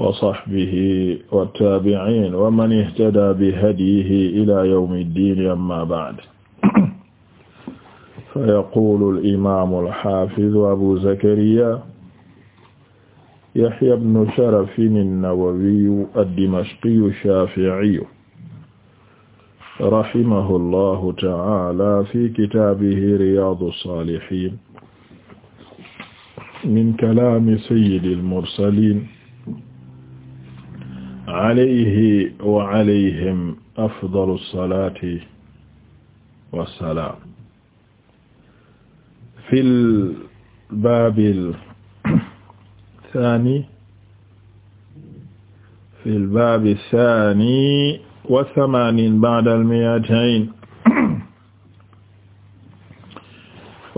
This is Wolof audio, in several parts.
wa sahbihi wa taabi'iin wa man ihtadaa bi hadyihi ilaa yawmi ddiin ammaa ba'd fa yaquulu al-imaamu al-haafizu abuu zakariyaa yahyaa ibnu sharafin an-nawawiyyu ad-dimashqiyyu ash-shaafi'iyyu rahimahu llaahu ta'aalaa fii kitaabihi riyaadu as-saalihiin min kalaami sayyidi al-mursaliin alayhi wa alayhim afdalu salaati wa salaam fil baabil saani fil baabi saani wa samaaniin ba'dal mi'atayn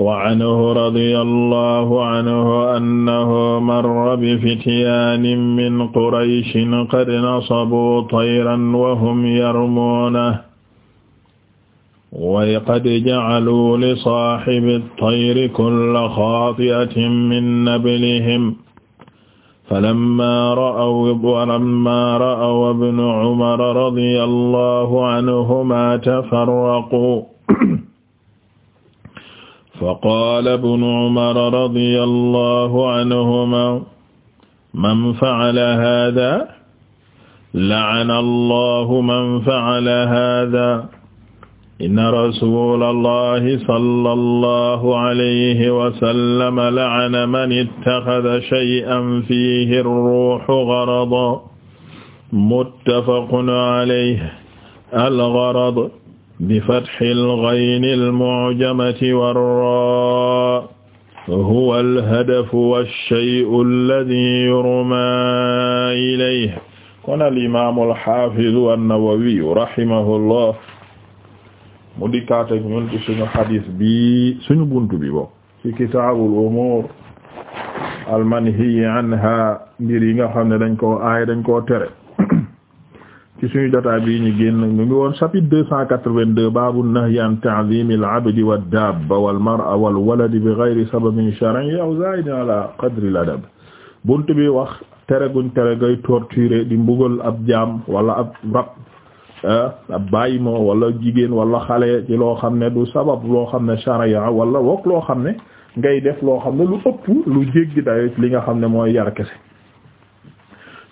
wa anhu radiyallahu anhu annahu marra bifityaanin min qurayshin qad nasabuu tayran wa hum yarmuunahu wa qad jacaluu li saaxibi tayri kulla xaati'atin min nablihim falammaa ra'aw falammaa ra'aw ibna cumara radiyallahu anhumaa tafarraquu faqaala ibnu umar radiyallahu anhuma man fa'ala haadaa la'ana allahu man fa'ala haadaa inna rasuulallahi sallallahu alayhi wa sallam la'ana man ittaxada shay'an fiihi ar-ruuhu garadan muttafaqun alayhi al-garad bi fathil ghaynil mu'jamati war-raa huwa al-hadafu wash-shay'u alladhii yurmaa ilayhi kon al-imaamu al-haafizu an-Nawawi rahimahullah mu dikkaat ak ñun ci suñu xadis bi suñu buntu bi bo ci kitaabul umuur al-manhiyyi anhaa mbir yi nga xam ne dañ koo aay dañ koo tere ci suñu jotaay bii ñu génn mu ngi woon chapitre deux cent quatre-vingt-deux baabu nahyi an ta'zimi al-abdi wa dabba wal mar'a wal waladi bi ghayri sababin shar'i aw zaa'idin ala qadri al-adab bunt bi wax tere guñ tere ngay torturer di mbugal ab jaam wala ab rab eh, ab bàyyi ma wala jigéen walla xale ci loo xam ne du sabab loo xam ne shar'a wala wokk loo xam ne ngay def loo xam ne lu ëpp lu jéggi dayo li nga xam ne mooy yar kese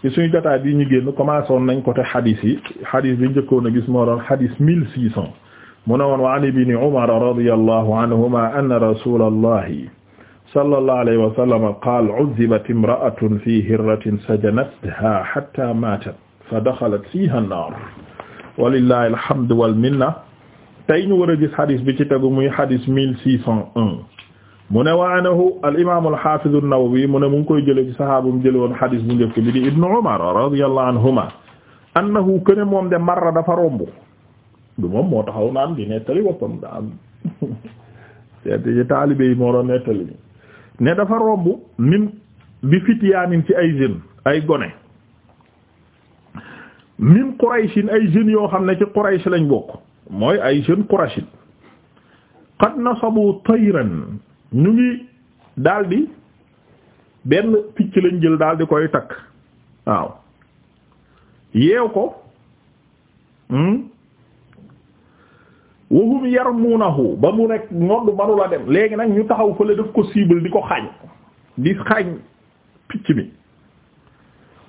ci suñu jotaay bi ñu génn commencé woon nañ côté xadis yi xadis bi njëkkoon a gis moo doon xadis mille six cent mu ne woon wa an ibni umar radiyallahu anhuma anna rasulallahi sallallahu alayhi wa sallam qaal uzzibat imra'atun fi hirratin sajanatha hatta maatat fa daxalat fiha an-naar walillahi alhamdu wal minna tey ñu war a gis xadis bi ci tegu muy xadis mille six cent un mu ne wa anahu al imam al hafiz mu ne mu ngi koy jële ci sahaabum jële woon hadis bu njëkk bi di ibnu Umar radiyallahu anhuma annahu kene moom de marra dafa romb du moom moo taxaw naan di nettali boppam da am seeti ci taalibe moo doon nettali ne dafa romb min bi fityaanin ci ay jeunes ay gone min Qurayshin ay jeunes yoo xam ne ci Quraysh lañ bokk mooy ay jeunes Qurayshin qad nasabu tayran ñu ngi daldi benn picc lañ jël daldi koy takk waaw yeew ko hmm? mu naxu ba mu nekk nodd manula dem léegi nag ñu taxaw fële daf ko cible di ko xañ di xañ picc mi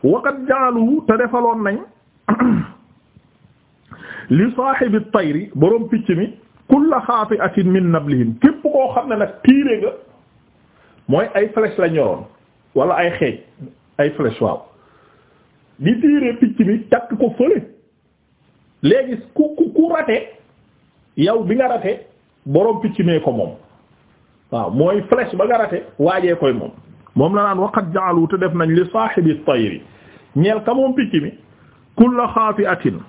waqat jaalu te defaloon nañ li saaxibi tayri boroom picc mi kulla xaafi'atin min nablihim képp koo xam ne nag tiire nga mooy ay flèche la ñoroon wala ay xeej ay flèche waaw di tiire picc bi takk ko fële léegi ku rate yow bi nga rate boroom picc mee ko moom waaw mooy flèche ba nga rate waajee koy moom moom la naan waqad ja'alu te def nañ li saahibi tayri ñeel ka moom picc mi kulla xaafi'atin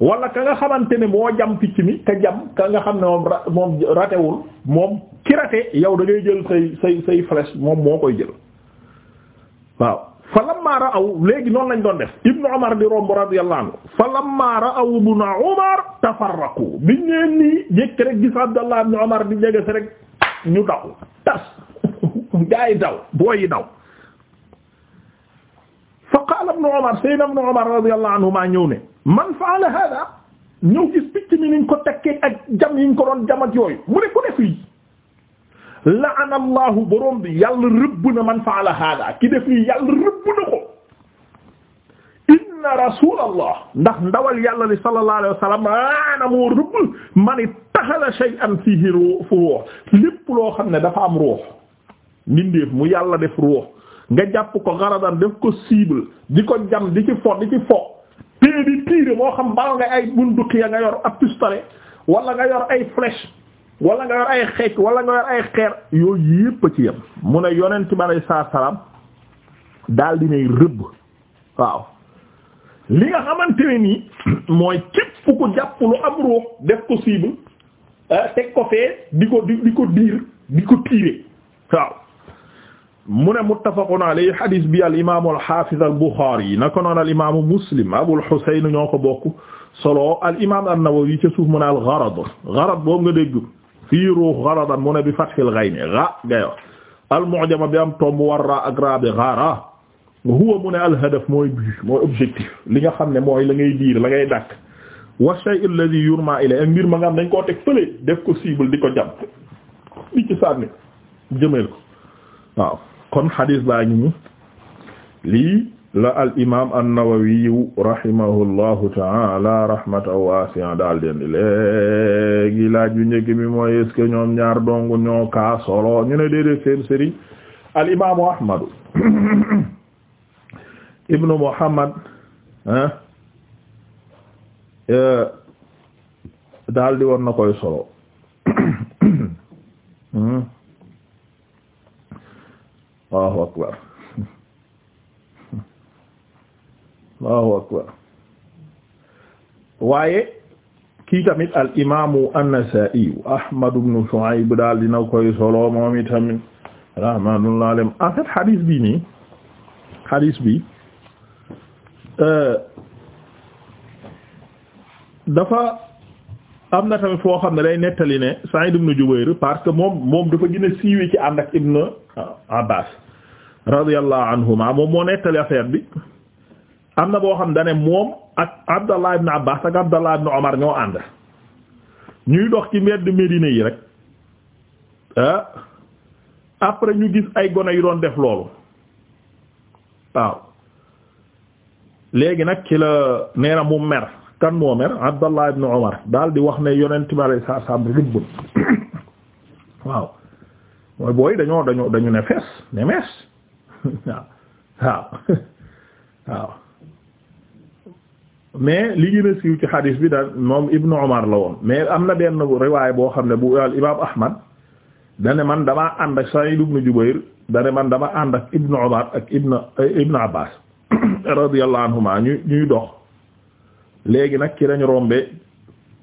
wala ka nga xamante ne moo jam picc mi ka jam ka nga xam ne moom moom ratewul moom ki rate yow da ngay jël say say say moom moo koy jël waaw fa lamma ra'aw léegi noonu lañ doon def ibnu umar di romb radiyallahu anhu fa lamma ra'aw ibnu umar tafarraqu biñ neen nii jékk rek gis abdallah ibnu umar di jege rek ñu daw tas gaa yi daw booyi daw fa qaala ibnu umar sayyidna ibnu umar radiyallahu anhu maa ñëw ne man faala hada ñëw gis picc mi niñ ko takkee ak jam yiñ ko doon jam ak yooyu mu ne ku def lii la'ana allahu borom bi yàlla rëbb na man faala hada ki def lii yàlla rëbb na ko inna rasulallah ndax ndawal yàlla li sallallahu alayhi wa sallam la'ana moo rëbb man ittaxala shay'an fihi ruux lépp loo xam ne dafa am ruux mbindeef mu yàlla def ruux nga jàpp ko garadan def ko cible di ko jam di ci fo di ci fo pée bi tiire moo xam mbal nga ay bunduki ya nga yor ab pistolet wala nga yor ay flèche wala nga yor ay xeec wala nga yor ay xeer yooyu yépp a ci yem mu ne yonent bi alay saa salaam rëbb waaw li nga xamante ne mooy képp ko jàpp lu am ruux def ko cible ah, teg ko fee di ko di ko diir di ko tiire waaw mu ne muttafaqun alayhi hadis bi al imaamu al haafiz al buxaari naka muslim abul husayn ñoo ko bokk solo al imaam ca suuf mu al gharad gharad boobu nga fii ruux gharadan mu bi fathil ghayn ra gayo al bi am tomb war raa ak huwa mu ne mooy objectif li nga xam ne mooy la ngay diir la ngay dàkk wa shay alladhi yurma ilay ma nga am dañ koo teg fële def ko cible di ko jàpp di ci sànni jëmeel ko kon xadis baa ngi ni lii la al imaam an-Nawawi rahimahullahu ta'ala rahmatan wasi'a daal den léegi laaj bu njëkk bi mooy est-ce que ñoom ñaar dong ñoo kaa solo ñu ne déedéet al imaamu Ahmadu ibnu Muhammad ah daal di koy solo. Hmm. Allahu akbar Allahu akbar waaye kii tamit al imaamu an-Nasaa'i Ahmad ibn Shu'ayb daal dina koy solo moom itamit rahmatullahi alayhi en fait hadith bi nii hadith bi euh, dafa am na tamit foo xam ne day nettali ne Sa'id ibn Jubayr parce que moom moom dafa gën a siiwee ci ànd ak Ibn Abbas radiyallahu anhuma moom moo nettali affaire bi am na boo xam dane moom ak Abdallah ibn Abbas ak Abdallah ibn Omar ñoo ànd ñuy dox ci mbedd Médine yi rek ah après ñu gis ay gone yu doon def loolu waaw léegi nag kilo la neena mu mer kan moo mer Abdallah ibn daal di wax ne yonent bi alayhi salaam rëbb waaw mooy booy dañoo dañoo dañu ne fees ne mees waaw waaw waaw mais li gën a siiw ci xadiis bi daal moom Ibn Umar la woon mais am na benn riwaay boo xam ne bu al imaam Ahmad da man damaa ànd ak Saïd ibn Jubayr da man dama ànd ak Ibn Umar ak Ibn Ibn Abbas radiyallahu anhuma ñuy dox. léegi nag ci lañ rombe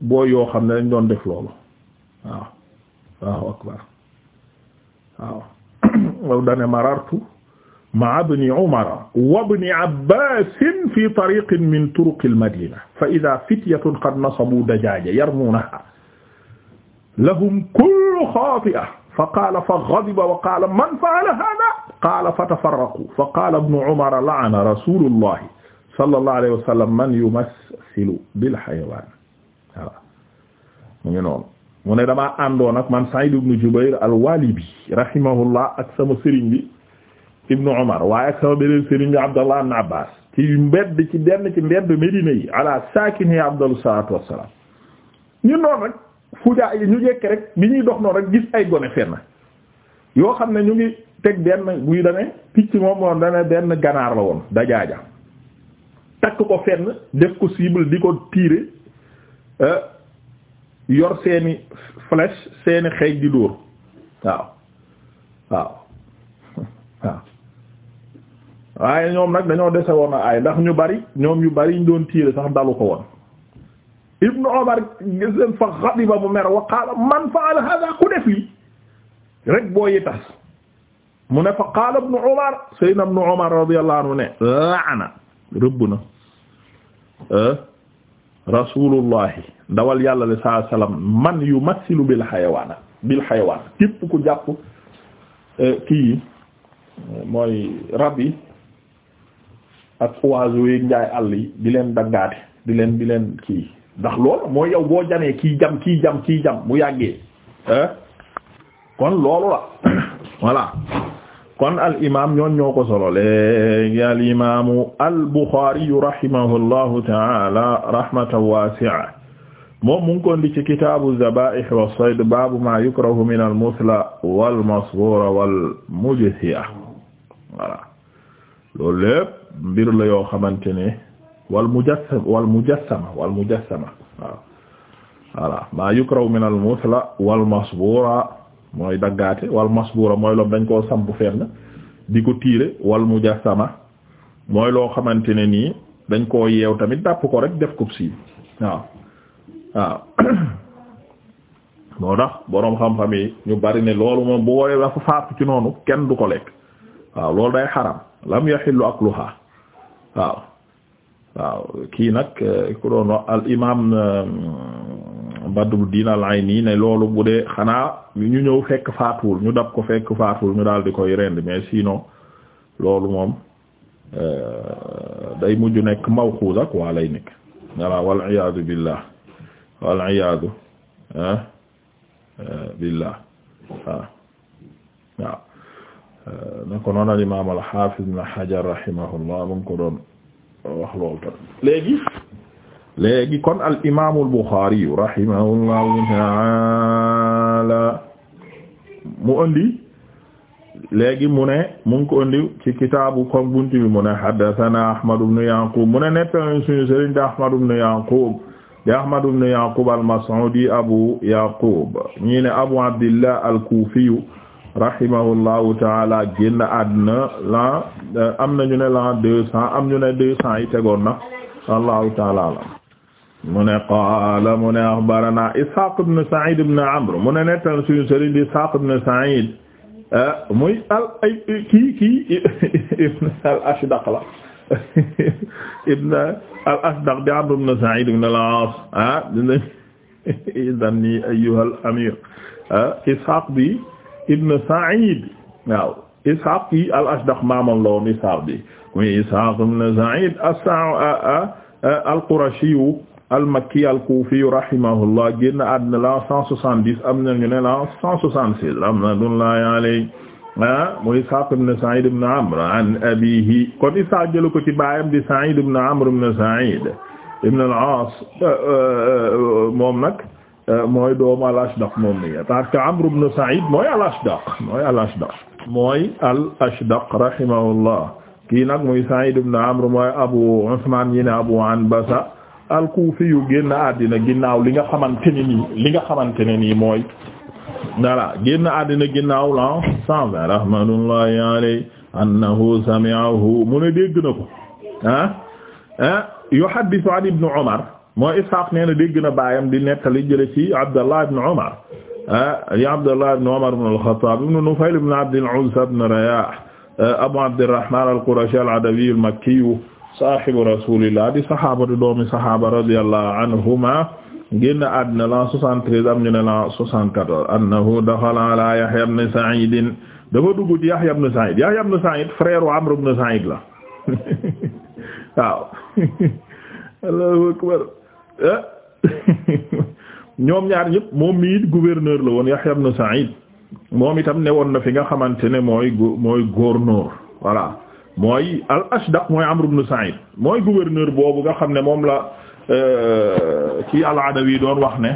booy yoo xam ne dañ doon def loolu waaw waaw akbar waaw wow dane marartu ma'a ibni umara wa ibni abbasin fi tariqin min turuqi almadina fa ida fityatun qad nasabu dajaaja yarmunaha lahum kullu xaati'a fa qaala fa ghadiba wa qaala man fa'ala hada qaala fa tafarraqu fa qaala ibnu umara la'ana rasulullahi sallallahu alayhi wa sallam man yumas yaktasilu bil xayawaan waaw mu ngi noonu mu ne damaa àndoon ak man Sa'id ibn Jubayr al-Walibi rahimahullah ak sama sëriñ bi Ibn Umar waaye ak sama beneen sëriñ bi Abdallah ibn Abbas ci mbedd ci benn ci mbedd Medina yi ala saakini afdalu salaatu wassalaam ñu noonu rek fujaa yi ñu jekk rek bi ñuy dox noonu rek gis ay gone fenn yoo xam ne ñu ngi teg benn buy dane picc moom moom dane benn ganaar la woon dajaaja takk ko fenn def ko cible di ko tirer euh, yor seeni flèche seeni xeej di dóor waaw waaw waaye ñoom nag dañoo dese woon a ndax ñu bari ñoom yu bari ñu doon tirer sax dalu ko woon ibnu omar gis leen fa xadiba mu mer wa qaala man faala hada ku def li rek boo yi tas mu ne fa qaala ibnu omar sayyidna ibnu omar radiyallahu anhu ne laana rëbb na rasulullahi ndawal yàlla le saa salaam man yu massilu bil xayawaana bil xayawaan képp ku jàpp kii yi mooy rab yi ak oiseaux yi njaay àll yi di leen daggaate di leen di leen kii ndax loolu mooy yow boo jamee kii jam kii jam kii jàm mu yàggee kon loolu la voilà kon al imaam ñoon ñoo ko solo léegi al imaamu al Buxaari rahimahullahu ta'ala rahmatan waasi'a moom mu ngi ko indi ci kitaabu zabaa'ih wa sayd baabu maa yukrahu min al musla wal masbuura wal mujsiya voilà loolu lépp mbir la yoo xamante ne wal mujassam wal mujassama wal mujassama waaw voilà maa yukrahu min al musla wal masbuura mooy daggaate wal masbura mooy loom dañ koo samp fenn di ko tiire wal mujassama mooy loo xamante ne nii dañ koo yeew tamit dàpp ko rek def ko si waaw waaw moo tax boroom xam-xam yi ñu bari ne loolu moom bu wooyee dafa ci noonu kenn du ko lekk waaw loolu day xaram lam yaxillu akluha waaw waaw kii nag ku doon wax al imaam Badru Diin al-Ayni ne loolu bu dee xanaa ñu ñëw fekk faatuwul ñu dab ko fekk faatuwul ñu daal koy rend mais sinon loolu moom euh, day mujj nekk mawxuuz ak waa lay nekk voilà wal al imaam al-Haafiz Ibn Hajar rahimahullah mu ko doon wax loolu tam léegi léegi kon al imaamu al Buxaari rahimahullahu taala mu andi léegi mu ne mu ngi ko kon buntu bi mu ne haddathana Ahmad ibn Yaqub mu ne nettali suñu sëriñ di Ahmad ibn Yaqub di Ahmad ibn Yaqub al-Mas'udi Abu Yaqub ñi Abu Abdillah al-Kufi rahimahullahu taala génn àdduna la am nañu ne la deux cent am ñu deux cent yi tegoon na wallahu taala mu ne qaala mu ne axbarana Ishaq ibn Sa'id ibn Amr mu ne nettan suñu sëriñ di Ishaq ibn Sa'id eh, muy al ay kii kii ibn al Ashdaq la ibn al Ashdaq di Amr ibn Sa'id ibn al-As ah dinañ idan ni ayyuha al amir ah, Ishaq bi ibn Sa'id waaw Ishaq bi al Ashdaq maamam la woon Ishaq bi muy Ishaq ibn Sa'id as-Qurashi al-Makki al-Kufi rahimahullah génn àddina la 170 am na ñu ne la 176 rahmatullahi alayhi ah muy Ishaq ibn Sa'id ibn Amr an abihi kon Ishaq jël ko ci baayam di Sa'id ibn Amr ibn Sa'id ibn al-As euh, euh, moom nag euh, mooy doomu al-Ashdaq moom ni parce que Amr ibn Sa'id mooy al-Ashdaq mooy al-Ashdaq mooy al-Ashdaq rahimahullah kii al-Kufi yu génn àddina ginnaaw li nga xamante ne nii li nga xamante ne nii mooy voilà génn àddina ginnaaw lan cent vingt rahmatullahi alayhi annahu sami'ahu mu ne dégg na ko ah ah yuhaddithu an ibn Umar mooy Ishaq nee na dégg na baayam di nettali jële ci Abdallah ibn Umar ah li Abdallah ibn Umar ibn al-Khattab ibn Nufayl ibn Abd al-Uzza ibn Rayah ah, Abu Abd al-Rahman al-Qurashi al-Adawi al-Makki sahibu rasulillah di sahabatu doomi sahaba radiyallahu anhuma génn àddina la 73 am ñu ne la 74 annahu daxala ala Yahya ibn Sa'id dafa dugg ci Yahya ibn Sa'id Yahya ibn Sa'id frère u Amr ibn Sa'id la waaw Allahu akbar eh? ñoom ñaar ñëpp moom mii gouverneur la woon Yahya ibn Sa'id moom itam ne woon na fi nga xamante ne mooy mooy gouverneur voilà mooy al ashdaq mooy amr ibn sa'id mooy gouverneur boobu nga xam ne moom la euh, ci al adawi doon wax ne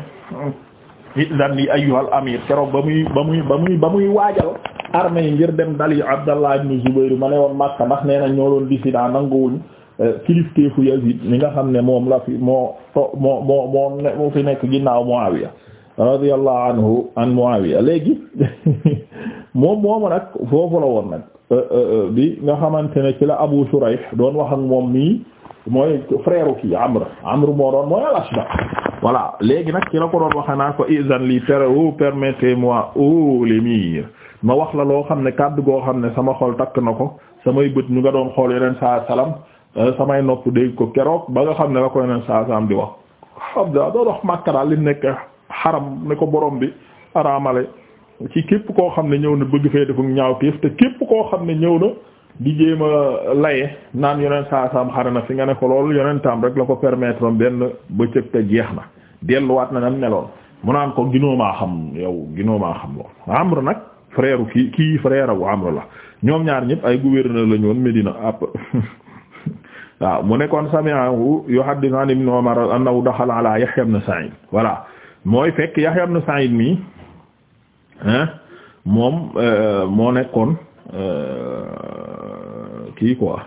idan li ayyuhal amir keroog ba muy ba muy ba muy ba muy waajal armée yi ngir dem dali abdallah ibn zubayr ma ne woon makka ndax nee na ñoo doon dissident nanguwuñ euh, kilifteefu yazid mi nga xam ne moom la fi moo moo moo moo fi nekk ginnaaw muawiya radiyallahu anhu an muawiya léegi moom moomu nag foofu la woon nag Euh, euh, euh, bi nga xamante ne ci la Abu Shurayh doon wax ak moom mii mooy frère kii Amr Amr moo doon mooy al-Ashda léegi nag ci la ko doon waxe ko izan li per o permettez-moi o l'émir ma wax la loo xam ne kàddu goo xam ne sama xol takk na ko samay bët ñu nga doon xool yeneen saa salam samay nopp dégg ko keroog ba nga xam ne la ko yeneen saa salam di wax xam daa doon wax Makka daal li nekk xaram ne ko borom bi araamale ci képp koo xam ne ñëw na bëgg fee defu ñaaw téef te képp koo xam ne ñëw na di jéem a laye naan yonent saa saam na fi nga ne ko loolu yonentam rek la ko permettre benn bëccëg te jeex na delluwaat na nam neloon mu naan ko ginoo maa xam yow ginoo maa xam lool amr nag frère kii kii frère abu amr la ñoom ñaar ñëpp ay gouverneur la ñoon Medina app waaw mu nekkoon sami'ahu yuhaddithu an ibn Umar annahu daxala ala Yahya ibn Sa'id voilà mooy fekk Yahya Euh, euh, hmm? euh, moom moo nekkoon kii quoi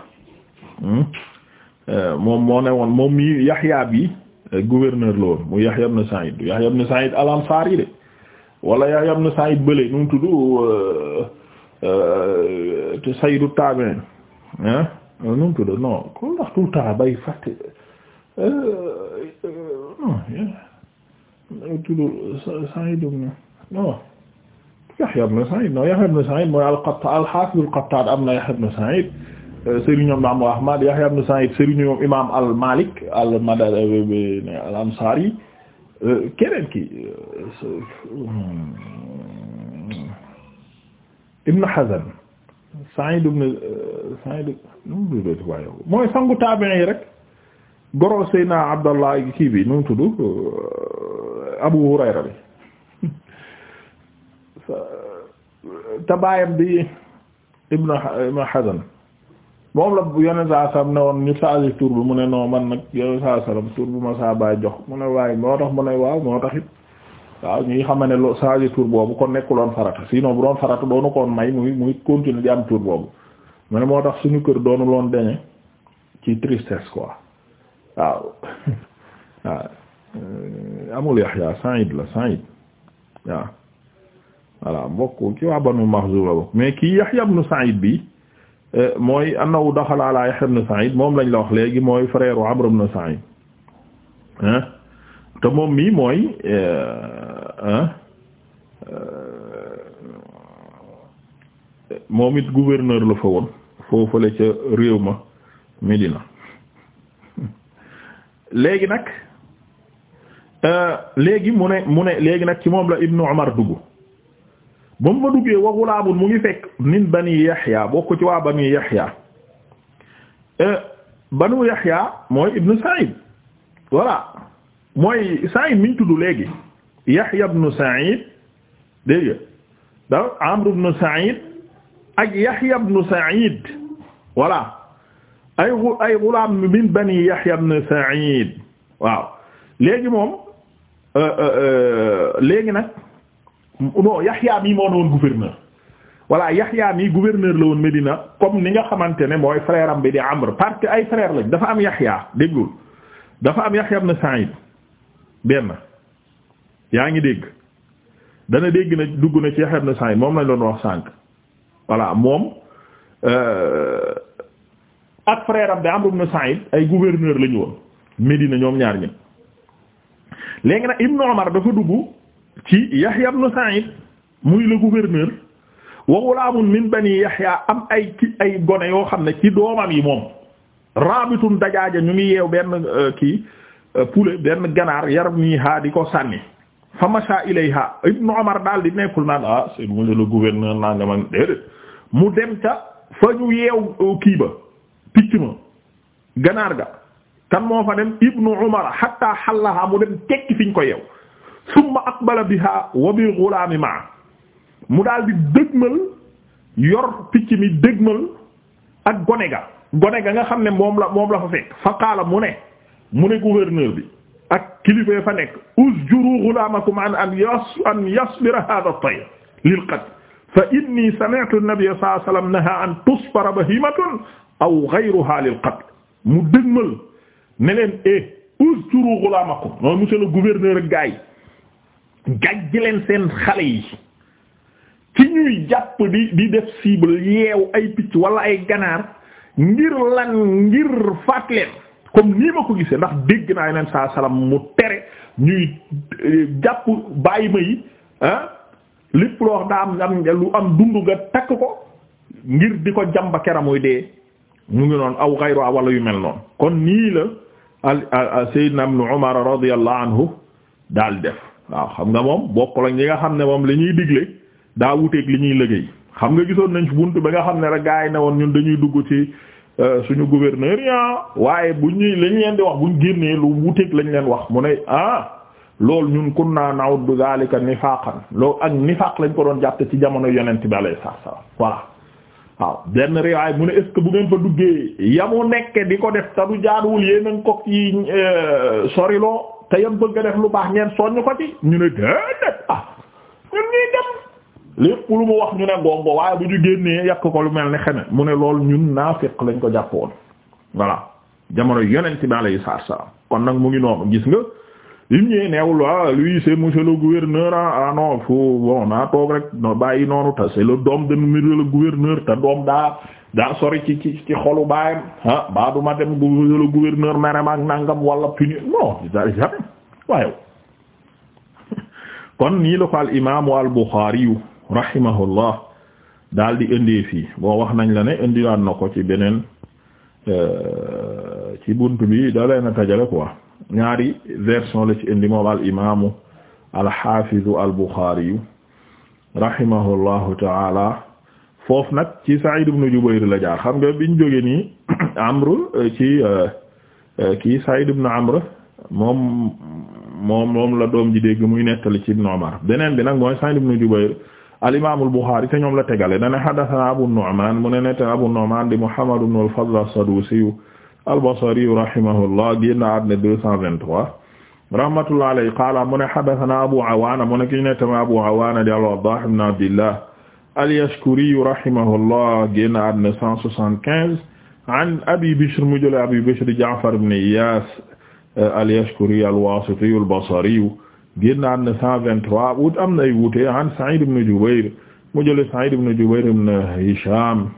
moom moo ne woon moom mi Yahya bi gouverneur la woon mu Yahya ibn Sa'id Yahya ibn Sa'id al-Ansari de wala Yahya ibn Sa'id bële nu mu tudd te Sayyidu Tabi'in ah nu mu tudd non ku ndax tout le temps bay fàtte Yahya ibn Sa'id non Yahya ibn Sa'id mooy al-Qattan al-Hafiz al-Qattan am na Yahya ibn Sa'id euh, sëriñ ñoom Imam Ahmad Yahya ibn Sa'id sëriñ ñoom Imam al-Malik al-Madani euh, euh, al-Ansari keneen ki Ibn Hazn Sa'id ibn Sa'id mooy sangu taabi'i yi rek goro Seydina Abdallah kii bi nu mu tudd Abu Hurayra bi te baayam bi Ibn Hazm moom la yoneen sa sallam ne woon ñu changé tur bi mu ne non man nag yoneen saa sallam tur bu ma saa baay jox mu ne waaye moo tax mu ne waaw moo tax it waaw ñuy xama ne loo changé tour boobu kon nekkuloon farata sinon bu doon farata doonu koon may muy muy continuer di am tur boobu mu ne moo tax suñu kër doonu loon deñe ci tristesse quoi waaw waaw euh, amul Yahya Saïd la Saïd waaw voilà bokk ci waa banu Maxzuum la bokk mais kii Yahya ibn Sa'id bi euh, mooy annahu daxala ala Yahya ibn Sa'id moom lañ la wax léegi mooy frère u Amr ibn te moom mii mooy euh, euh, moom it gouverneur la fa woon foofale ca réew ma Médina léegi nag léegi mu ne mu ne léegi nag ci moom la Ibnu Umar dugg ba ma duggee wa ghulaamun mu ngi fekk min bani Yahya bokk ci waa bani Yahya eh, banu Yahya mooy ibnu Sa'id voilà mooy Sa'id mi ñu tudd léegi Yahya ibnu Sa'id dégg nga da Amr ibnu Sa'id ak Yahya ibnu Sa'id voilà ay ay ghulaam min bani Yahya ibnu Sa'id waaw moom eh, eh, léegi nag non Yaxya mii moo ne woon gouverneur voilà Yaxya mii gouverneur la woon Medina comme ni nga xamante ne mooy frère bi di Amr parce que ay frère lañ dafa am Yaxya déggul dafa am Yaxya na Sa'id benn yaa ngi dégg dana dégg na dugg na ci Yaxya ibn Sa'id moom lañ doon wax sànq voilà moom euh, ak frère am bi Amr ibn Sa'id ay gouverneur lañu ñu woon Medina ñoom ñaar ñëpp léegi nag Ibn Umar dafa dugg. ci Yahya ibn Sa'id muy le gouverneur wa ghulamun min bani Yahya am ay gone yoo xam ne ci doomam yi moom rabitun dajaaja ñu ngi yeew benn euh, kii euh, poulet benn ganaar yarmiha di ko sànni fa masha ilayha ibn Umar daal di nekkul naan ah c'est monsieur le gouverneur naa nga man déedéet mu dem ca fa ñu yeew euh, kii ba picc ma ganaar ga kan moo fa dem ibn Umar hatta hallaha mu dem tekki fiñ ko yeew summa aqbala biha wa bi ghulaami ma mu daal di dëgmal yor picc mi dëgmal ak gone ga gone ga nga xam ne moom la moom la fa fekk fa qaala mu ne mu ne gouverneur bi ak kilifa fa nekk uzjuru ghulaamakum an an yas an yasbira hadha at-tayr lil qatl fa inni sami'tu an-nabiyya sallallahu alayhi wa sallam naha an tusfara bahimatun aw ghayruha lil qatl mu dëgmal ne leen e uzjuru ghulaamakum noonu monsieur le gouverneur ak gaay gàjj leen seen xale yi ci ñuy jàpp di di def cible yeew ay picc wala ay ganaar ngir lan ngir faat leen comme nii ma ko gisee ndax dégg naa yeneen saa salaam mu tere ñuy eh, jàpp bàyyi ma yi ah lépp loo wax daa am am lu am dund nga takk ko ngir di ko jàmba keramuy dee mu ngi noonu aw xayru wala yu mel noonu kon nii la al Seydina Ibn Umar radiyallahu anhu daal def waaw xam nga moom bokk la ñi nga xam ne moom li ñuy digle daa wuteeg li ñuy liggéey xam nga gisoon nañ ci buntu ba nga xam ne rek gaa yi ne woon ñun dañuy dugg ci euh, suñu gouverneur ya waaye bu ñuy lañ leen di wax bu buñ génnee lu wuteeg lañ leen wax mu ne ah loolu ñun naa kunna na'uddu zalika nifaqan loolu ak nifaq lañ ko doon jàpp ci jamono yeneen bi alayhi salaam voilà waaw benn riwaay mu ne est bu ngeen fa duggee yamu nekk di ko def te du jaaduwul yéen a ngi ko ci euh, soriloo te yam bëgg a def lu baax ngeen soññ ko ci ñu ne déedéet ah ñun ñuy dem lépp lu mu wax ñu ne gongo waaye bu ñu génnee yàq ko lu mel ne xeme mu ne lool ñun naa naafiq lañ ko jàppoon voilà jamono yonent bi alayhi salaam kon nag mu ngi noonu gis nga. im ñëwee neewul ah lui c'est monsieur le ah, ah, bon naa toog rek no bàyyi noonu te c'est le doom de monsieur le gouverneur te doom daa daa sori ci xolu baayam ah baa duma dem monsieur le merem ak nangam wala puni non jamais waaye kon nii la ko al imaamu al Buxaariyu rahimahullah daal di indee fii boo wax nañ la ne indiwaan na ko ci beneen euh, ci bunt bi da leen a tajale quoi ñaari version la ci indi moom al imaamu al xaafizu al buxaariyu rahimahullahu taala foofu nag ci Saïd ibn Jubayr la jaar xam nga biñ jóge nii Amr euh, ci euh, euh, kii Saïd ibn Amr moom moom moom la doom ji dégg muy nettali ci Ibn Umar beneen bi nag mooy Saïd ibn Jubayr al imaam al Buxaari te ñoom la tegale dana haddathana Abu Nu'man mu ne nettali Abu Nu'man di Muhammad ibn al-Fadl as-Sadusi al-Basri rahimahullah génn àddina 223 rahmatullah alayhi qaala mu ne haddathana Abu Awaana mu ne ki ñu ne tamit Abu Awaana di al-Waddaah ibn Abdillah al-Yashkuri rahimahullah génn àddina 175 an Abi Bishr mu jëlee Abi Bishr Ja'far ibn Iyaas euh, al-Yashkuri al-Waasiti al-Basri génn àddina 123 wut am na ay wuute an Sa'id ibn Jubayr mu jëlee Sa'id ibn Jubayr ibn Hisham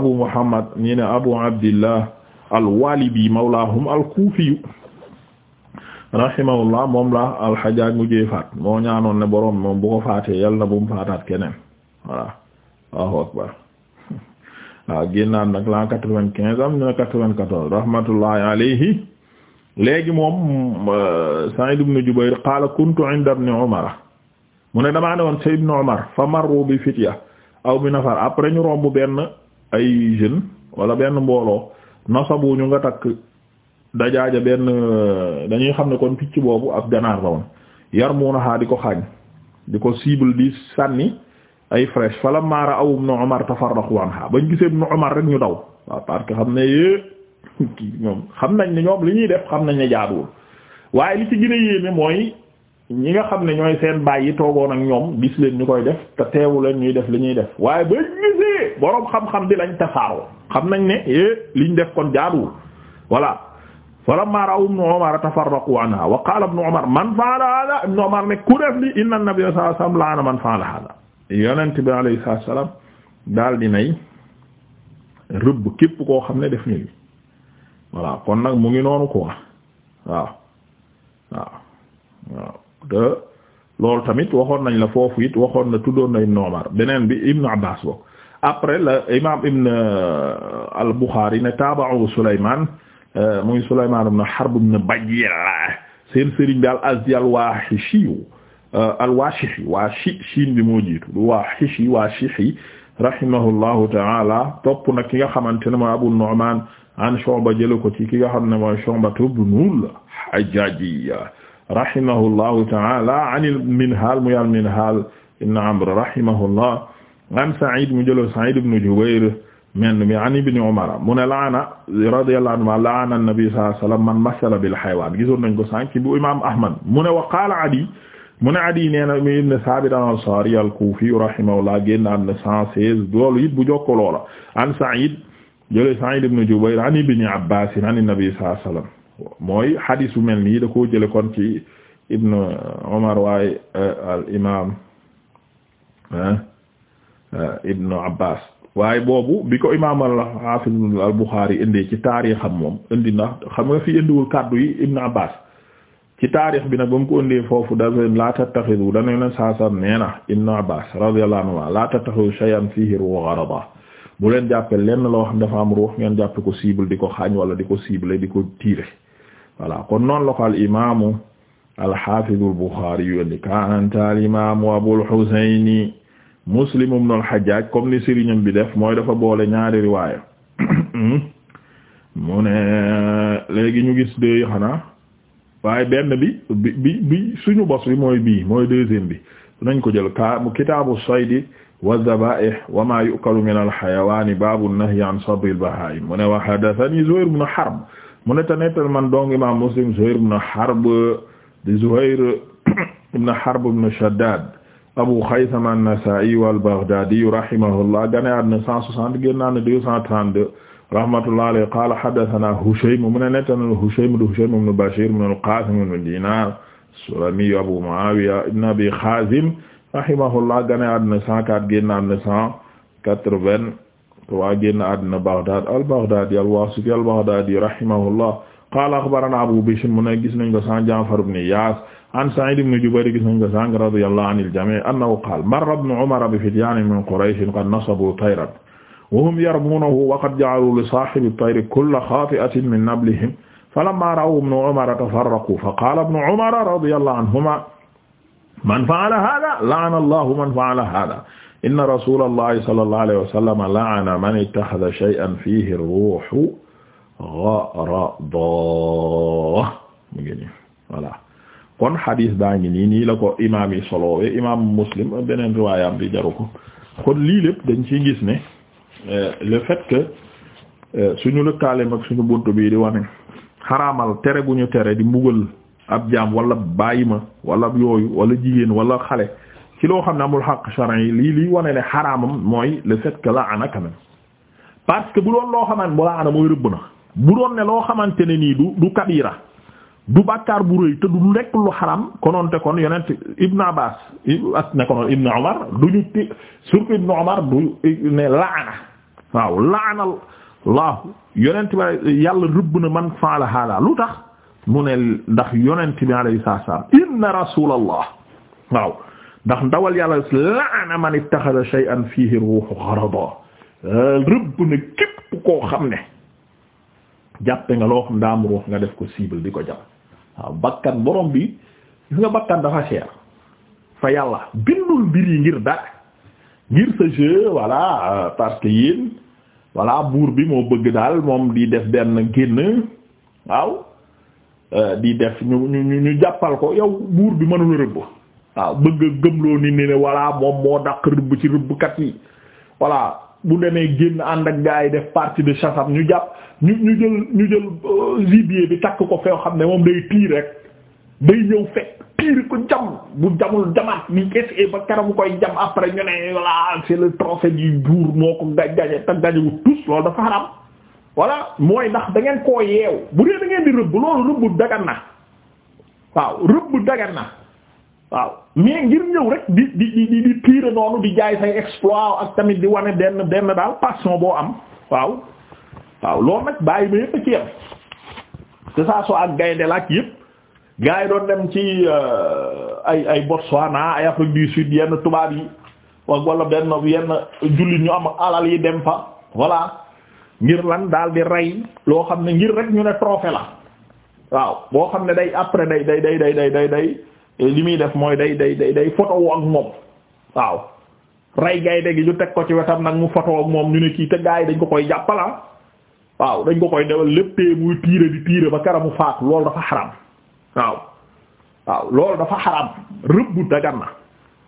Abu Muhammad ñi ne Abu Abdillah al-Walibi mawlaahum al-Kuufi rahimahullah moom la al-Hajjaaj mujjee faat moo ñaanoon ne boroom moom bu ko faatee yàlla bu mu faataat keneen voilà Allahu akbar waaw génnaan nag la quatre-vingt-quinze am na quatre-vingt-quatorze rahmatullahi alayhi léegi moom euh, Saïd ibn Jubayr qaala kuntu inda ibn mu ne damaa ne woon Sayyid ibn Umar fa marru bi fitya aw bi nafar après ñu romb benn ay jeune wala benn mbooloo nasabu ñu nga takk dajaaja benn dañuy xam ne kon picc boobu ak ganaar la woon yar munahaa di ko xaañ di ko cible di sànni ay flèche fala maara aw ibn Umar tafarraqu anha bañ gisee ibn Umar rek ñu daw waaw parce xam ne yé xam nañ ne ñoom li ñuy def xam nañ ne jaaduwul waaye li ci gën a mooy ñi nga xam ne ñooy seen baay yi toogoon ak ñoom gis leen ñu koy def te teewu leen ñuy def li ñuy def waaye ba gisee boroom xam-xam bi lañ tasaaroo xam nañ ne liñ def kon jaaduwul voilà falamma ra'aw ibn Umar tafarraqu anha wa qala ibn Umar man fa'ala hada ibn Umar ne ku def li inna an-nabiy sallallahu alayhi wasallam la'ana man fa'ala yonent bi alayhi salaam daal di nay rëbb képp koo xam ne def ni li kon nag mu ngi noonu quoi waaw waaw te loolu tamit waxoon nañ la foofu it waxoon na tuddoon na Ibn Umar beneen bi Ibn Abbas bokk après la imam Ibn euh, al-Bukhari ne taaba'u Sulaymaan euh, muy Sulaymaan ibn Harb ibn Bajil seen sëriñ bi al-Azdi al-Waahishi euh, al-Waashihi waashi shiin bi moo jiitu du Waahishi Waashihi rahimahullahu ta'ala topp nag ki nga xamante ne mooy Abu Nu'maan an Shu'ba jële ko ci ki nga xam ne mooy Shu'ba ibn al-Hajjaaj rahimahullahu ta'ala an al-Minhal muy al-Minhal ibn Amr rahimahullah an Sa'id mu jëloo Sa'id ibn Jubayr men mi an ibn Umar mu ne laana radiyallahu anhu laana an-nabi sallallahu alayhi wa sallam man masala bil haywaan gisoon nañ ko sànq bu imaam Ahmad mu ne wa qaala Adi mu ne Adi nee na ibn Saabit al-Ansaari al-Kuufi rahimahullah génn am na 116 doolu it bu jokkaloo la an Sa'id jëlee Sa'id ibn Jubayr an ibn Abbaas an an-nabi sallallahu alayhi wa sallam mooy hadis bu mel nii da koo jële kon ci Ibn Umar waaye euh, al imaam euh, Ibn Abbas waaye boobu bi ko imaam al-Hafiz al Bukhari indee ci taarixam moom indi na xam nga fi indiwul kàddu yi Ibn Abbas ci taarix bi nag ba mu ko indee foofu dafa la tattaxidu dana leen saasam nee na Ibn Abbas radiyallahu anhu la tattaxidu shay'an fihi gharada bu leen jàppee lenn loo xam dafa am ruux ngeen jàppe ko cible di ko xaañ wala di ko cible di ko tiire voilà kon noonu la ko al imaamu al-Haafiz al-Buxaari yu andi kaanta al imaamu Abul Husayni Muslim ibn al-Hajjaaj comme ni sëriñam bi def mooy dafa boole ñaari riwaaya mu ne léegi ñu gis deux xanaa waaye benn bi bi bi suñu bos bi mooy bii mooy deuxième bi nañ ko jël ka kitaabu saydi wa zabaih wa ma yukalu min al-xayawaani baabu nahyi an sabri al-bahaa'im mu ne wa haddathanii Zuhayr ibn Harb mu ne te nettal man dong imam Muslim Zuhayr ibn Harb di Zuhayr ibn Harb ibn Shaddad Abu Khaythama an-Nasa'i wal-Baghdadi rahimahullah gane àddina 160 génn na 232 rahmatullahi alayhi qala haddathana Hushaym mu ne nettal Hushaym di Hushaym ibn Bashir ibn al-Qasim ibn Dinar as-Sulami Abu Muawiya ibn Abi Khazim rahimahullah gane àddina 104 génn na 180 waa génn àddina Baghdad al-Baghdadi al-Wasiti al-Baghdadi rahimahullah qaala axbarana Abu Bishr mu ne gis nañ ko san Ja'far ibn Iyaas an Sa'id ibn Jubayr gis nañ ko san radiyallahu anil jamii' annahu qaala marra ibnu Umar bi fityaanin min Quraysh qad nasabu tayran wa hum yarmuunahu wa qad ja'aluu li saahibi at-tayri kulla xaati'atin min nablihim falammaa ra'aw ibnu Umar tafarraquu fa qaala ibnu Umar radiyallahu anhumaa man fa'ala haadhaa la'ana Allahu man fa'ala haadhaa inna rasulallahi sallallahu alayhi wa sallam la'ana man ittaxada shay'an fiihi ruuhu garadaa mu ngi nii voilà kon xadis baa ngi nii nii la ko imaam yi solowee imaam muslim beneen riwaayam bi jaru ko kon lii lépp dañ ciy gis ne euh, le fait que euh, suñu lëkkaaleem ak suñu bunt bii di wane xaraamal tere gu ñu tere di mbugal ab jaam wala bàyyi ma wala yooyu wala jigéen wala xale ci loo xam ne amul xaq charin yi lii lii wane ne mooy le fait que laana quand parce que bu doon loo xamante bu laana mooy rëbb bu doon ne loo xamante ne nii du du kabira du bàkkaar bu rëy te du lekk lu xaram konoonte kon Ibn Abbas Ibn Omar du ñu ti Ibn Omar du laana waaw laana bi yàlla man faala hada salaam inna rasulallah waaw ndax ndawal yàlla laana man ittaxada shay'an fihi ruuhu gharada rëbb na képp koo xam ne jàppe nga loo xam daa ruux nga def ko cible di ko jàpp waaw bakkan boroom bi gis nga bakkan dafa cher fa yàlla bindul mbir yi ngir dara ngir sa jeu voilà parce que yéen buur bi moo bëgg daal moom di def benn génn waaw euh, di def ñu ñu ñu jàppal ko yow buur bi mënula rëbb waaw bëgg a gëmloo ni ne voilà moom moo daq rëbb ci rëbbkat yi voilà bu demee génn ànd ak def partie de chasse am ñu jàpp ñu ñu jël ñu jël euh, bi takk ko feew xam ne moom day tiir rek day ñëw fekk tiir ko jam bu jamul jamaat bi essayé ba karamu koy jam après ñu ne voilà c'est le trophée du jour moo ko gaj gaje te gajewu tous loolu dafa xaram voilà mooy ndax da ngeen koo yeew bu dee da di rëbb loolu rëbb dagan na waaw rëbb dagan na waaw mais ngir ñëw rek di di di di tiire noonu di jaay say exploit ak tamit di wane benn benn daal passion boo am waaw waaw loolu nag bàyyi ba yëpp ci yem que ça soit ak gaynde la ak yëpp gars yi doon dem ci euh, ay ay Botswana ay yenn tubaab yi benn yenn jullit ñu am alal yi dem fa voilà ngir lan daal di rey loo xam ne ngir rek ñu ne trophée la waaw boo xam ne day après day day day day day day day li muy def mooy day day day day photo wu ak moom waaw ray gaynde gi ñu teg ko ci wetam nag mu photo ak moom ñu ne kii te gaa yi dañ ko koy jàppala ah. waaw dañ ko koy dewal léppee muy tiire di tiire ba karamu faatu loolu dafa xaram waaw waaw loolu dafa xaram rëbb dagan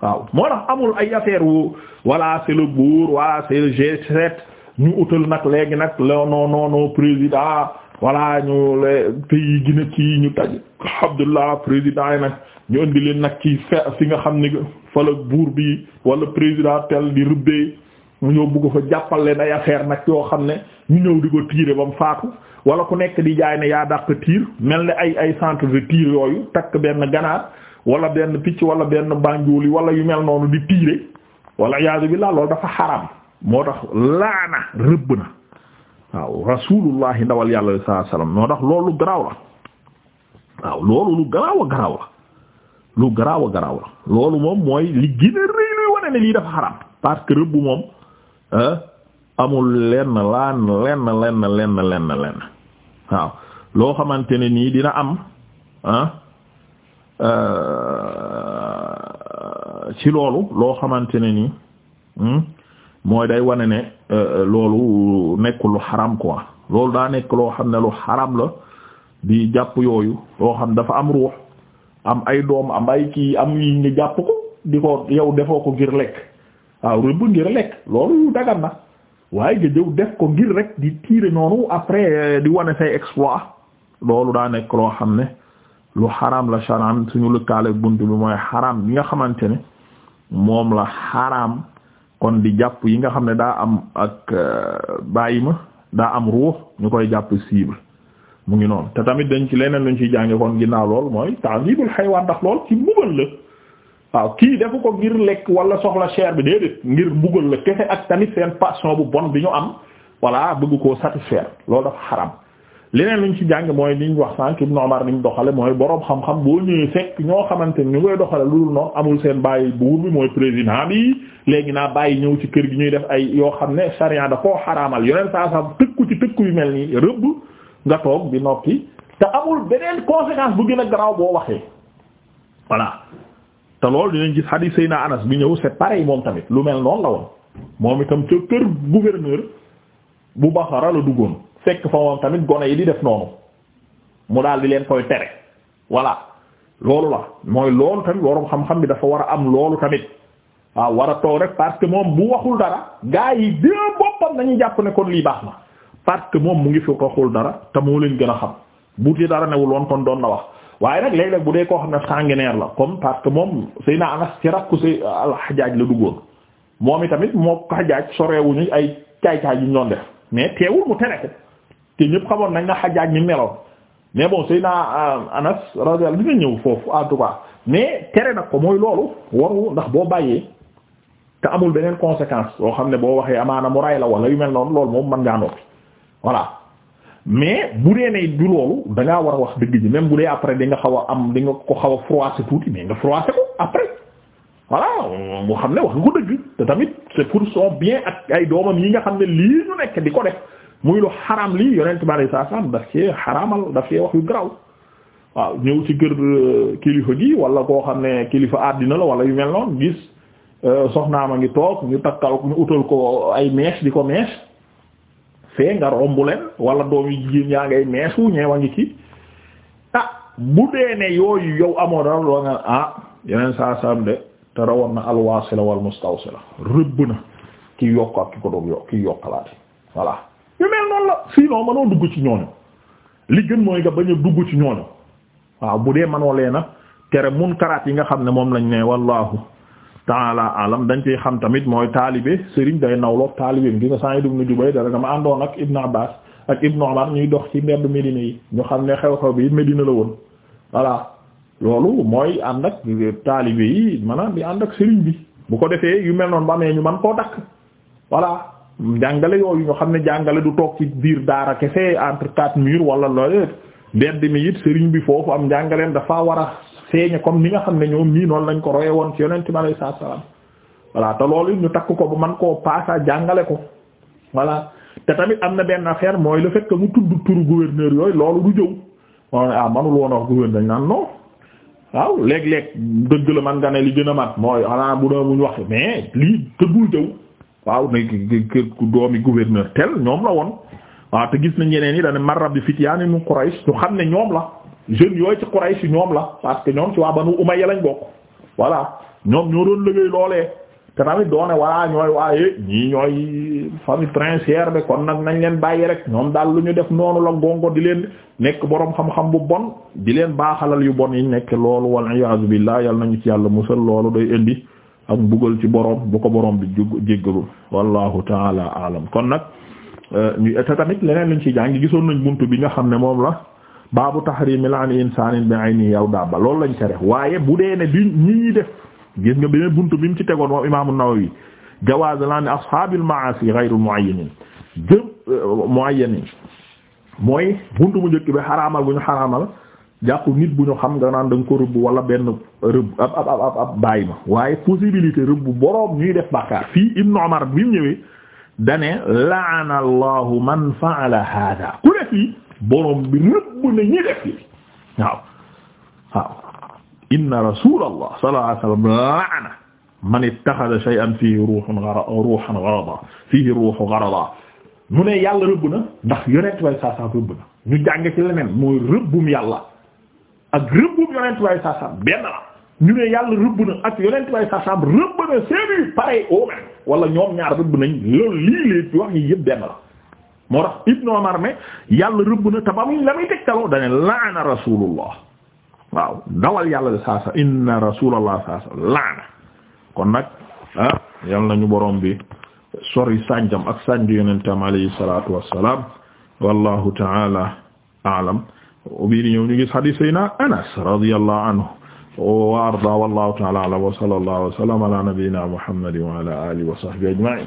waaw moo tax amul ay affaire wu voilà c'est le bourg voilà c'est le g ñu utal nag léegi nag la non non non président voilà ñu le pays gina kii ñu taj Abdullah président yi nag ñu indi leen nag ci fe nga xam ni fa buur bi wala président tel di rëbbee mu ñëw bëgg fa jàppal leen ay affaire nag yoo xam ne ñu ñëw di ko tiire ba mu faatu wala ku nekk di jaay ne yaa dàq tiir mel ni ay ay centre de tir yooyu takk benn ganaar wala benn picc wala benn banjool yi wala yu mel noonu di tiire wala iyaazu billaah loolu dafa xaram moo tax laana rëbb na waaw rasuulullahi ndawal yàlla sallallahu alayhi moo tax loolu garaaw la waaw loolu lu garaaw lu garaaw a loolu moom mooy li gën a rëy luy wane ne lii dafa xaram parce rëbb moom amul lenn laan lenn lenn lenn lenn lenn waaw loo xamante ne nii dina am ah ci loolu loo xamante ne nii hmm, mooy day wane ne euh, loolu nekkul lu xaram quoi loolu daa nekk loo xam ne lu xaram la di jàpp yooyu loo xam dafa am ruux am ay doom am ay kii am yi nga jàpp ko di yow defoo ko ngir lekk waaw rëbb ngir lekk loolu dagan na waaye nga jëw def ko ngir rek di tiire noonu après euh, di wane say exploit loolu daa nekk loo xam ne lu xaraam la sharan suñu lëkkaale bunt bi mooy xaraam bi nga xamante ne moom la xaraam kon di jàpp yi nga xam ne daa am ak euh, bàyyi ma daa am ruux ñu koy jàpp cible mu ngi noonu te tamit dañ ci leneen luñ ciy jànge kon ginnaaw lool mooy ta'dibul xaywaan ndax lool ci mbugal la waaw kii defu ko ngir lekk wala soxla cher bi déedéet ngir mbugal la kese ak tamit seen passion bu bon bi ñu am voilà bëgg koo satisfaire loolu dafa xaram leneen luñ ci jàng mooy niñ wax sànq Ibn Umar niñ doxale mooy boroom xam-xam boo ñëwee fekk ñoo xamante ni ñu ngay doxale lu dul noonu amul seen bàyyi buur bi mooy président bi léegi naa bàyyi ñëw ci kër gi ñuy def ay yoo xam ne charia da koo yeneen saa saa tëkku yu mel nii rëbb nga toog di noppi te amul beneen conséquence bu gën a garaaw boo waxee voilà te loolu dinañ gis hadith Seyna Anas bi ñëw c'est yi moom tamit lu mel noonu la woon moom itam ca kër gouverneur bu Baxara la duggoon fekk fa moom tamit gone yi di def noonu mu daal di leen koy tere voilà loolu la mooy loolu tamit waroom xam-xam bi dafa war a am loolu tamit waaw war a toog rek parce que moom bu waxul dara gaa yi dee boppam nañu jàpp ne kon lii baax na parce que moom mu ngi fi waxul dara te moo leen gën a xam bu ci dara newul woon kon doon na wax waaye nag léeg-léeg bu dee koo xam ne sanguinaire la comme parce que moom Seydina Anas ci rakku si al-Hajjaj la duggoon moom itamit moo Hajjaj sorewuñu ay caay-caay yu ñu doon def mais teewul mu tere ko te ñëpp xamoon nañ na Hajjaj ni meloon mais bon Seydina euh, Anas radiyallahu dina ñëw foofu en tout mais tere nag ko mooy loolu waru ndax boo bàyyee te amul beneen conséquence boo xam ne boo waxee amaana mu ray la wala yu mel noonu loolu moom mën ngaa voilà mais bu dee ne du loolu da ngaa war a wax dëgg ji même bu dee après di nga xaw a am di nga ko xaw a froissé tuuti mais nga froissé ko après voilà mu xam ne wax nga ko dëgg te tamit c'est pour son bien ak ay doomam yi nga xam ne lii ñu nekk di ko def muy lu xaram lii yonent bi alayhi salaam daf cee xaramal daf cee wax yu garaw waaw ñëw ci kër euh, kilifa gi wala koo xam ne kilifa àddina la wala yu mel noonu gis euh, soxnaama ngi toog ñu takkal ñu utal ko ay mèche di ko mèche. fee nga romb leen doom yu jigéen yaa ngay meesu ñeewa ngi ci ah bu dee ne yooyu yow amoo dara loo nga ah yeneen saa saam de te rawoon na alwaasila wal mustawsila rëbb na ki yokk ak ki ko doon yokk ki yokkalaate voilà yu mel noonu la sinon manoo dugg ci ñooñu li gën mooy nga bañ a dugg ci ñooñu waaw bu dee manoo leena tere munkaraat yi nga xam ne moom lañ ne wallaahu taala alam dañ koy xam tamit mooy taalibe sëriñ day nawloo taalibe bi gis nga Sa'id ibn Jubayr dara dama àndoon ak Ibn Abbas ak Ibn Umar ñuy dox ci mbedd Médina yi ñu xam ne xew-xew bi Médina la woon voilà loolu mooy ànd ak taalibe yi maanaam di bu ko defee yu mel noonu ba amee ñu man koo dakk voilà jàngale yooyu ñu xam ne jàngale du toog ci biir daara kese entre quatre miir wala loolu mbedd mi it sëriñ bi foofu am njàngaleem dafa war feeñe comme ni nga xam ne ñoom ñii noonu lañ ko roye woon ci yonent bi alayhi salaam voilà te loolu ñu takk ko bu man koo paasa jàngale ko voilà te tamit am na benn affaire mooy le fekk mu tudd turu gouverneur yooyu loolu du jëw moo ne ah manul woon wax gouverneur naan non waaw léeg-léeg dëgg la man nga ne li gën a mat mooy xanaa bu doon muñ wax mais lii tëggul jëw waaw na kër doomi gouverneur tel ñoom la woon waaw te gis nañ yeneen yi dañ marra bi fityaani mu Quraysh xam ne ñoom la jeunes yooyu ci si ñoom la parce que ñoom ci waa Banu Umayya lañ bokk voilà ñoom ñoo doon liggéey loolee te tamit doone waa ñooy waaye ñii ñooy famille princière bi kon nag nañ leen bàyyi rek ñoom daal lu ñu def noonu la gongo di leen nekk boroom xam-xam bu bon di leen baaxalal yu bon yi nekk loolu wal iyaazu billaah yal nañu ci yàlla musal loolu day indi ak mbugal ci boroom bu ko boroom bi jéggalul wallahu taala alam kon nag euh, ñu te tamit leneen luñ ci jàngi gisoon nañ buntu bi nga xam ne moom la baabu tahrimi la'ni insaanin bi ayni yaw dabba lool lañ tere waaye bu dee ne di ñi ñuy def gis nga beneen buntu bi mu ci tegoon moom imaamu Nawawi jawaaz la'ni ashaabil ma'aasi ghayru mu'ayyanin jë euh, mu'ayyanin mooy buntu bu njëkk bi xaraamal bu ñu xaraamal jàpp nit bu ñu xam nga naan da ko rëbb wala benn rëbb ab ab ab ab bàyyi ma waaye possibilité rëbb boroom ñuy def bàkkaar fii Ibnu Umar bi mu ñëwee dane la'ana Allahu man fa'ala haadaa ku def lii borom bi nëbb na ñi def li waaw waaw inna rasulallah sallallahu alayhi wasallam la'ana man ittakhadha shay'an fihi ruuhan fihi ruuhu gharada mu ne yàlla rëbb na ndax yonent way saasam rëbb na ñu jàng ci leneen yàlla ak rëbbum yonent way saasam benn la ñu ne rëbb na ak yonent way rëbb na seeni pare au même wala ñoom ñaar rëbb nañ loolu lii léegi wax yi yëpp benn moo tax Ibn Umar ne yàlla rëbb na te ba muy la muy tegtaloo dane laana rasulullah waaw dawal yàlla de saasa inna rasulullah saasa laana kon nag ah yal nañu borom bi sori sànjam ak sànj yonentam alayhi salatu wassalam wallahu ta'ala a'lam bii di ñëw ñu gis hadith sayna Anas radiyallahu anhu wa arda wallahu ta'ala a'lam wa sallallahu wa sallama ala nabiyyina Muhammadin wa ala alihi wa sahbihi ajma'in